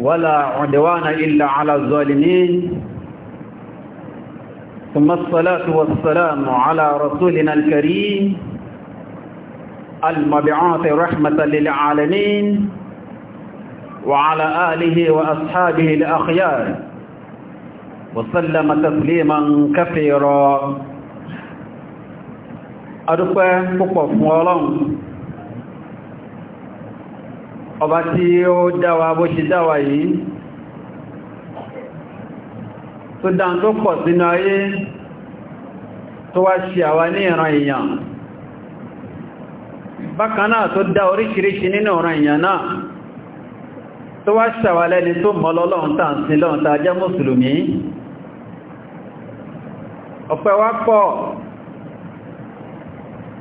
ولا عدوان إلا على الظالمين ثم الصلاة والسلام على رسولنا الكريم المبعوث رحمة للعالمين وعلى آله وأصحابه الأخيار وسلم تسليما كثيرا أدفع فقف فوالون ọba tí ó dáwà bó ṣe dáwà yìí tó dáa tó pọ̀ sínú ayé tó wá ṣe àwa ní ìran èèyàn bákan tó dá oríṣiríṣi nínú ọ̀ràn èèyàn náà tó wá ṣàwálẹ́ ni tó mọ́ lọ́lọ́run tàà sí lọ́run tàà jẹ́ mùsùlùmí ọ̀pẹ́ wá pọ̀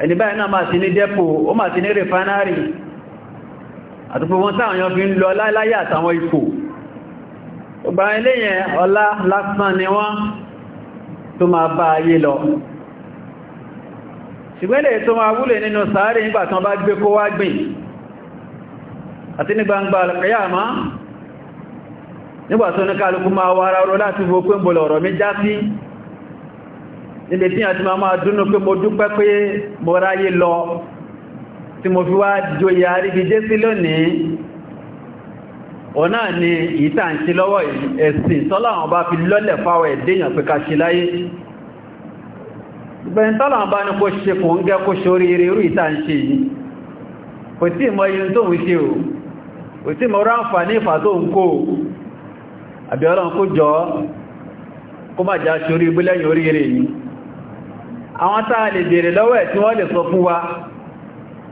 ẹni báyìí náà máa ti ní dẹ́pò ó máa ti ní rẹ̀fánárì àtúgbò wọn táwọn yàn fi ń lọ láyé àtàwọn ipò ọgbà iléyẹn ọlá lásán ni wọ́n tó máa bá ayé lọ ṣùgbẹ́lẹ̀ tó máa wúlò nínú sàárè nígbà tán bá gbé kó wá gbìn àti ní gbangba alqiyama nígbà tó ní kálukú máa wára ọrọ̀ láti fò pé ọ̀rọ̀ mi já sí níbi tí àti máa dúnú pé mo dúpẹ́ pé mo ráyé lọ tí mo fi wá joyè àríbijé sí lónìí ọ̀nà ni ìta ń ṣe lọ́wọ́ ẹ̀sìn tọ́láwọn bá fi lọ́lẹ̀ fáwọ̀ ẹ̀dẹ́yàn pé ká ṣe láyé ìgbẹ̀yìn tọ́láwọn bá ní kó ṣe kò ń gẹ́ kó ṣorí irú ìta ń ṣe yìí kò tí mọ iye tó ń ṣe o kò tí mọ ráǹfà ìfà tó ń kó àbí ọlọ́run kó jọ kó má já ṣorí ibú lẹ́yìn oríire yìí àwọn táà lè bèèrè lọ́wọ́ ẹ̀ tí wọ́n lè sọ fún wa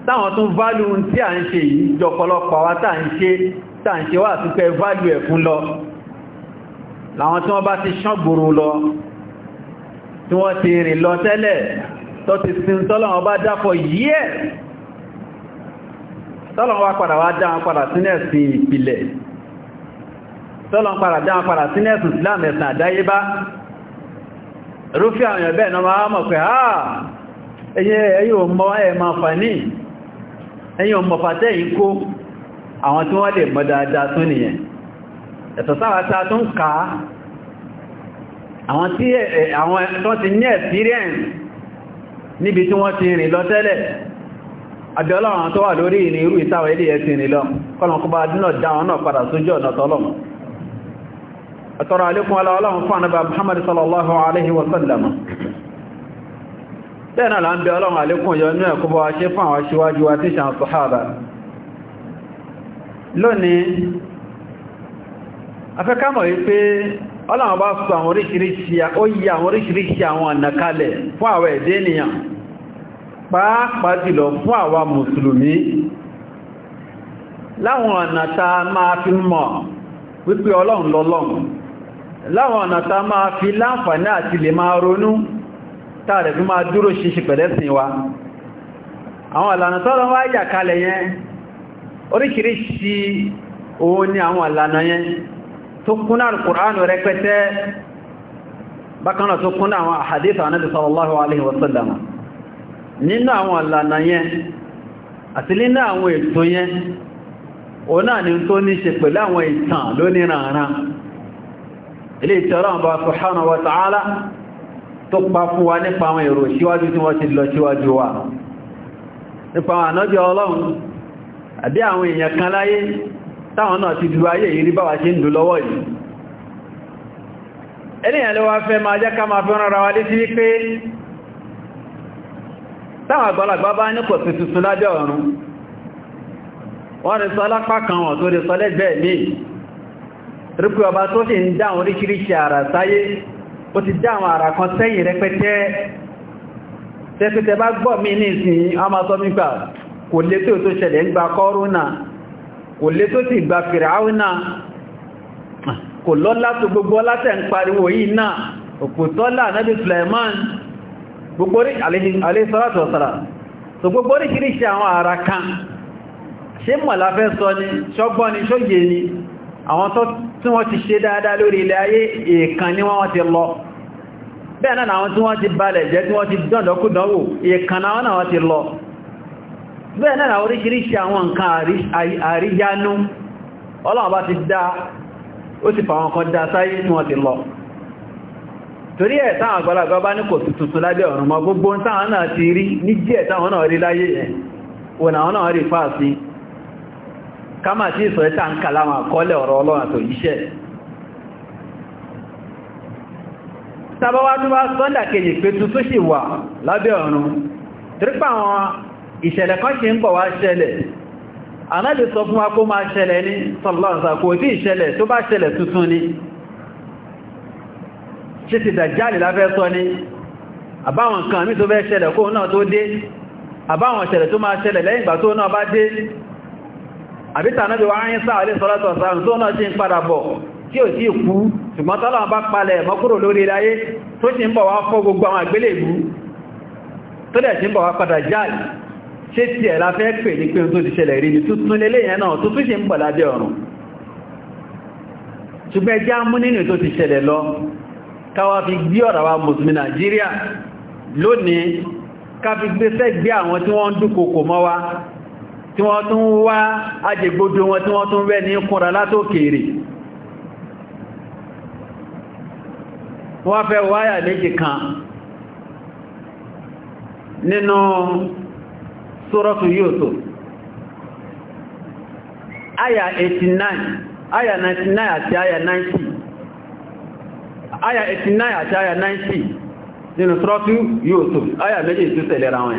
táwọn tún válù tí à ń ṣe yìí jọpọlọpọ̀ wa táà ń ṣe táà ń ṣe wà tún fẹ́ válù ẹ̀ fún lọ láwọn tí wọ́n bá ti ṣọ́gbòrò lọ tí wọ́n ti rìn lọ tẹ́lẹ̀ tó ti sin tọ́lọ́wọ́ bá dáfọ́ yìí ẹ̀ tọ́lọ́wọ́ padà wá dáwọn padà sínẹ̀ sí ìpìlẹ̀ tọ́lọ́wọ́ padà dáwọn rúfí àwọn ẹ̀bẹ́ ìnà máa mọ̀ pé àà ah, ẹ̀yìn ọmọ ẹ̀mà fàní ẹ̀yìn ọ fàtẹ́ yìí kó àwọn tí wọ́n lè dáadáa tún nìyẹn ẹ̀tọ̀ tún ká àwọn tí wọ́n ti ní experience níbi tí wọ́n ti rìn lọ tẹ́lẹ̀ tó wà lórí ìrìn irú ilé ẹ̀sìn lọ náà padà sójú ọ̀nà àtọ́rọ alékún aláwọ̀láwọ̀ fún anaba Muhammad sallallahu alaihi wasallam lẹ́nà là ń bẹ ọlọ́run alékún yọ ní ẹ̀kúbọ̀ aṣe fún àwọn aṣíwájú wa tí ṣàn sọ́hábà lónìí afẹ́kámọ̀ wípé ọlọ́run bá sọ àwọn oríṣiríṣi àwọn fún àwọn ẹ̀dẹ́ ènìyàn pàápàá fún àwa mùsùlùmí láwọn máa fi mọ̀ láwọn ọ̀nà ta máa fi láǹfààní àti lè máa ronú tààrẹ̀ fi máa dúró ṣíṣe wa àwọn ìlànà tọ́lọ wá yà kalẹ̀ yẹn o òun ni àwọn àlànà yẹn tó kún Kùránù rẹpẹtẹ bákanáà tó kún àwọn àhàdíta ilé ìtẹ́ràn bá ṣùhánà wa ta'ala tó pa fún wa nípa àwọn èrò síwájú tí wọ́n ti lọ síwájú wa nípa ànájọ́ ọlọ́run àbí àwọn èèyàn kan láyé táwọn náà ti dúró ayé ìrí báwa ṣe ń dù lọ́wọ́ yìí wọ́n rí sọ kan wọ̀n tó rí sọ rípé ọba tó sì ń dá àwọn oríṣiríṣi àrà sáyé ó ti dá àwọn àrà kan sẹ́yìn rẹpẹtẹ tẹ́pẹ́tẹ́ bá gbọ́ mí ní ìsìn ọmọ kò lé tó tó ṣẹlẹ̀ ń gba kọ́rúnà kò lé tó ti gba fìràúnà kò lọ́lá tó gbogbo látẹ̀ ń pariwo yìí náà òkùtọ́lá náàbí Suleiman gbogbo rí àwọn ara kan ṣe sọ ni àwọn tí wọ́n ti ṣe dáadáa lórí ilẹ̀ ayé èèkan ní wọ́n ti lọ bẹ́ẹ̀ náà àwọn tí wọ́n ti balẹ̀ jẹ́ tí wọ́n ti dọ́ndọ̀kúdánwò èèkan náà náà ti lọ bẹ́ẹ̀ náà oríṣiríṣi àwọn nǹkan àríyánú Ọlọ́run bá ti dá ó ti fàwọn kan dá sáyé tí wọ́n ti lọ torí ẹ̀ táwọn àgbàlagbà kama ti so eta nkala ma ko le oro olorun to ise taba wa tu ba sonda ke pe tu si wa labe orun tripa won isele kan se npo wa sele ana le so ko ma sele ni sallallahu alaihi wasallam ko ti sele to ba sele tutun ni se ti dajali so ni aba won mi to be sele ko na to de abawọn won sele to ma sele leyin gba to ba de àbíta náà bí wá ń sáà lè sọ́lọ́tọ̀ sáàrùn tó náà ṣe ń padà bọ̀ tí ò sí ìkú ṣùgbọ́n tọ́lá bá palẹ̀ mọ́kúrò lórí ayé tó ṣe ń bọ̀ wá fọ́ gbogbo àwọn àgbélé ìlú tó dẹ̀ ṣe ń bọ̀ wá padà jáì ṣe ti ẹ̀ la fẹ́ pè ní pé tó ti ṣẹlẹ̀ rí ni tuntun lélé yẹn náà tó tún ṣe ń bọ̀ lábẹ́ ọ̀run ṣùgbọ́n ẹjá mú nínú tó tí wọ́n tún wá ajègbodò wọn tí wọ́n tún rẹ́ ní kúnra látòkèèrè wọ́n fẹ́ wáyà méjì kan nínú sórọ́tù Yúsúf àyà 89 àyà 99 àti àyà 90 89 àti àyà 90 nínú méjì ra wọn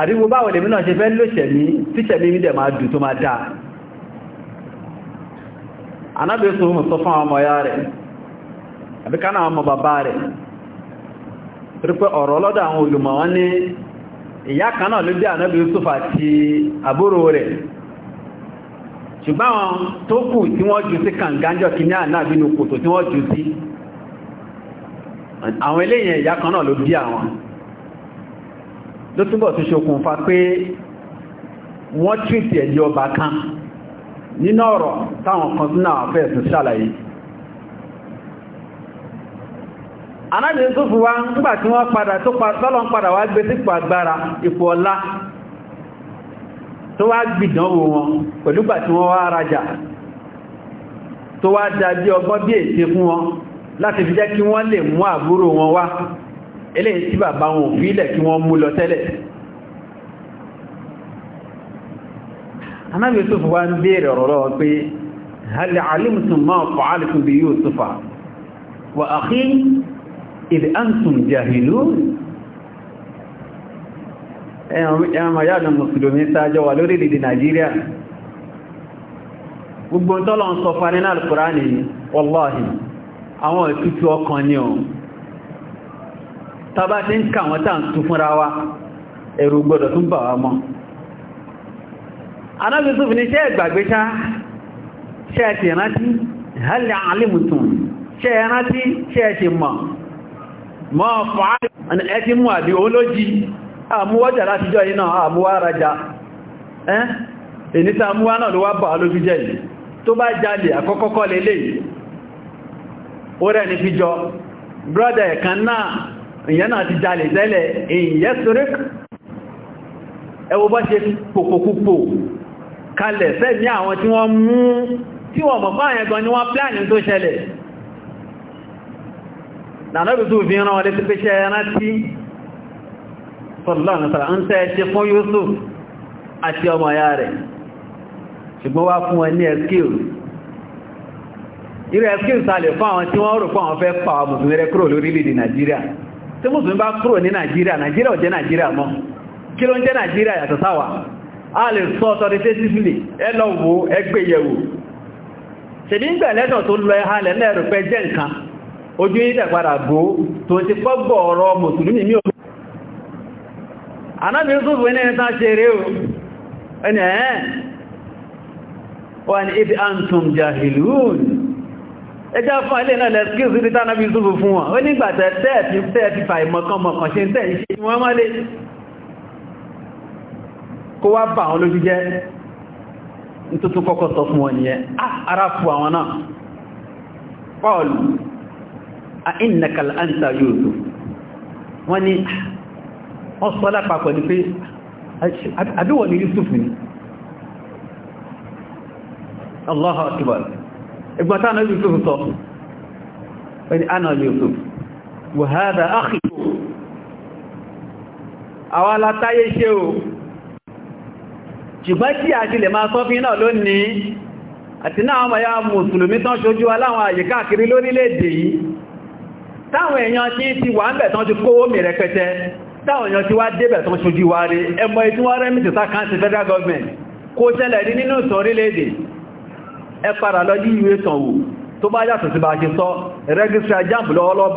àríwọ báwọn lèmi náà ṣe fẹ́ lóṣẹ̀mí tíṣẹ̀mí mi dẹ̀ máa dùn tó máa dáa anábẹ́sùn ohun sọ fún àwọn ọmọ ya rẹ̀ àbíká náà ọmọ bàbá rẹ̀ rípẹ́ ọ̀rọ̀ ọlọ́dọ̀ àwọn olùmọ̀ wọ́n ló túnbọ̀ tó ṣokùnfà pé wọ́n tìtì ẹ̀dí ọba kan nínú ọ̀rọ̀ táwọn kan tún náà fẹ́ ẹ̀sùn ṣàlàyé anábì Yúsúfù wa nígbà tí wọ́n padà tó sọ́lọ́ ń padà wá gbé sípò agbára ipò ọlá tó wá gbìdánwò wọn pẹ̀lúgbà tí wọ́n wá rajà tó wá dàbí ọgbọ́n bí èsì fún wọn láti fi jẹ́ kí wọ́n lè mú àbúrò wọn wá eléyìí tí bàbá wọn ò fi ilẹ̀ kí wọ́n mú lọ tẹ́lẹ̀ anábi yusuf wá ń béèrè ọ̀rọ̀ pé hal alimtum ma fa'altum bi yusufa wa akhi id antum jahilun ẹ̀yàn mayáàdùn mùsùlùmí sáájọ́ wà lórílẹ̀-èdè Nàìjíríà gbogbo tọ́lọ̀ tàbá ti ń kà wọ́n tàà tún fúnra wa ẹ̀rù gbọ́dọ̀ tún bà wá mọ́ anábi tó fi ní ṣẹ́ ẹ̀gbàgbé ṣá ṣẹ́ ẹ̀ṣẹ̀ rántí hálẹ̀ alìmùtùn ṣẹ́ ẹ̀rántí ṣẹ́ ẹ̀ṣẹ̀ mọ̀ mọ́ fàájì ẹ̀tí mú àbí olójí àmúwọ́jà látijọ́ iná àmúwá rajà ẹ́ ìníta àmúwá náà ló wá fi jọ náà ìyẹn náà ti jalè tẹ́lẹ̀ ìyẹ́ sírík ẹwọ bá ṣe pòpòpòpò kalẹ̀ sẹ́ni àwọn tí wọ́n mú tí wọ́n mọ̀ fáyẹn gan ni wọ́n pláàni tó ṣẹlẹ̀ nànàbì tó fi rán wọlé pípẹ́ ṣe rántí sọ̀lọ́nà ń tẹ́ fún ya rẹ̀ ṣùgbọ́n wá fún wọn ní ẹ̀skíl irú ẹ̀skíl sàlẹ̀ fún àwọn tí wọ́n rò fún àwọn fẹ́ pàwàmùsùn rẹ̀ kúrò lórílẹ̀-èdè Nàìjíríà tí mùsùlùmí bá kúrò ní nàìjíríà nàìjíríà ò jẹ́ nàìjíríà mọ́ kí ló ń jẹ́ nàìjíríà yàtọ̀ sáwà a lè sọ authoritatively ẹlọ́wọ́ ẹgbẹ̀yẹ̀wò ṣèbí ń gbẹ̀ tó lọ jẹ́ ojú o ẹjá fún ilé náà lẹ́skíùsù ní tánàbí ìsúfù fún wọn ó nígbàtẹ̀ tẹ́ẹ̀tì tẹ́ẹ̀tì fàìmọ̀kànmọ̀kàn ṣe ń tẹ́ẹ̀ wọ́n má lè kó wá bà wọn lójú jẹ́ nítútù kọ́kọ́ sọ fún wọn nìyẹn ah, ara fún a ni ẹgbọ́ta náà Yusuf sọ wani ana Yusuf wa hada akhi àwọn alátáyé ṣe o ṣùgbọ́n tí àti lè máa sọ́fin náà lónìí àti náà ọmọ ya mùsùlùmí tán ṣojú aláwọn àyè káàkiri lórílẹ̀-èdè yìí táwọn èèyàn tí ti wà ń bẹ̀ tán ti kówó mi rẹpẹtẹ táwọn èèyàn ti wá débẹ̀ tán ṣojú wa rí ẹmọ ìtúnwárẹ́mìtì sákàntì federal government kó ṣẹlẹ̀ rí nínú ìsọ̀rílẹ̀-èdè ẹ lọ yí ìwé tó bá yàtọ̀ sí bá ṣe sọ rẹ́gísírà jamb lọ́wọ́lọ́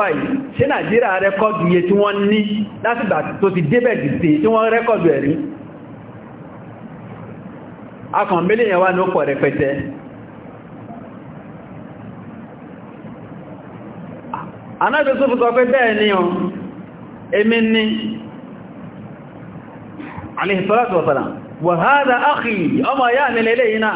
nàìjíríà rẹ́kọ́dù iye tí wọ́n ní látìgbà tó ti débẹ̀ dìde tí wọ́n rẹ́kọ́dù ẹ̀rí akàn mílíọ̀n wá ní ó pọ̀ rẹpẹtẹ wa salam akhi ọmọ náà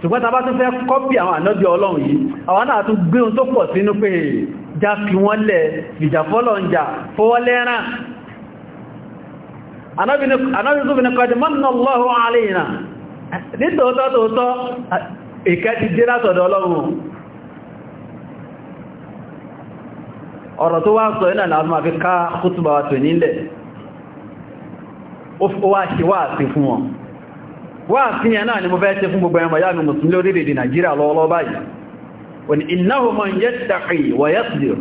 ṣùgbọ́n tàbá tún fẹ́ kọ́pì àwọn ànábì ọlọ́run yìí àwọn náà tún gbé ohun tó pọ̀ sínú pé já fi wọ́n lẹ̀ ìjàfọ́lọ̀ ń jà fọwọ́lẹ́ràn ànábì tó fi ní kọjú mọ́nà lọ́rún àríyìnà nítòótọ́ tòótọ́ ìkẹ́ ti dé látọ̀dọ̀ ọlọ́run ọ̀rọ̀ tó wá sọ iná láàrín àfi ká kútùbà wà tò nílẹ̀ ó wá ṣe wá àti fún wọn wá sí yẹn náà ni mo fẹ́ ṣe fún gbogbo ẹmọ yàmì musulmi lórílẹ̀-èdè Nàìjíríà lọ́wọ́lọ́ báyìí wọ́n innahu man yattaqi wa yasbir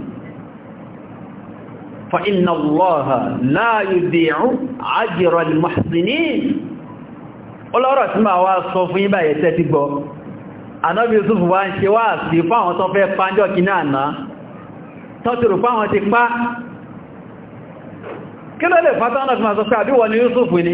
fa inna Allaha la yudhi'u ajra al-muhsinin ọlọ́rọ̀ tí máa sí fáwọn tó fẹ́ pàjọ́ kí náà náà kí ló lè fátánà fi máa àbíwọ̀ ni Yusuf ni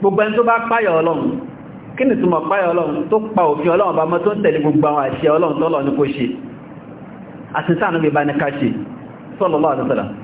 gbogbo ẹni tó bá páyà ọlọ́run kí ni túnmọ̀ páyà ọlọ́run tó pa òfin ọlọ́run bá mọ́ tó ń tẹ̀lé gbogbo àwọn àṣẹ ọlọ́run tọ́lọ̀ ní kó ṣe àti sáà níbi bá ní ká ṣe sallallahu alaihi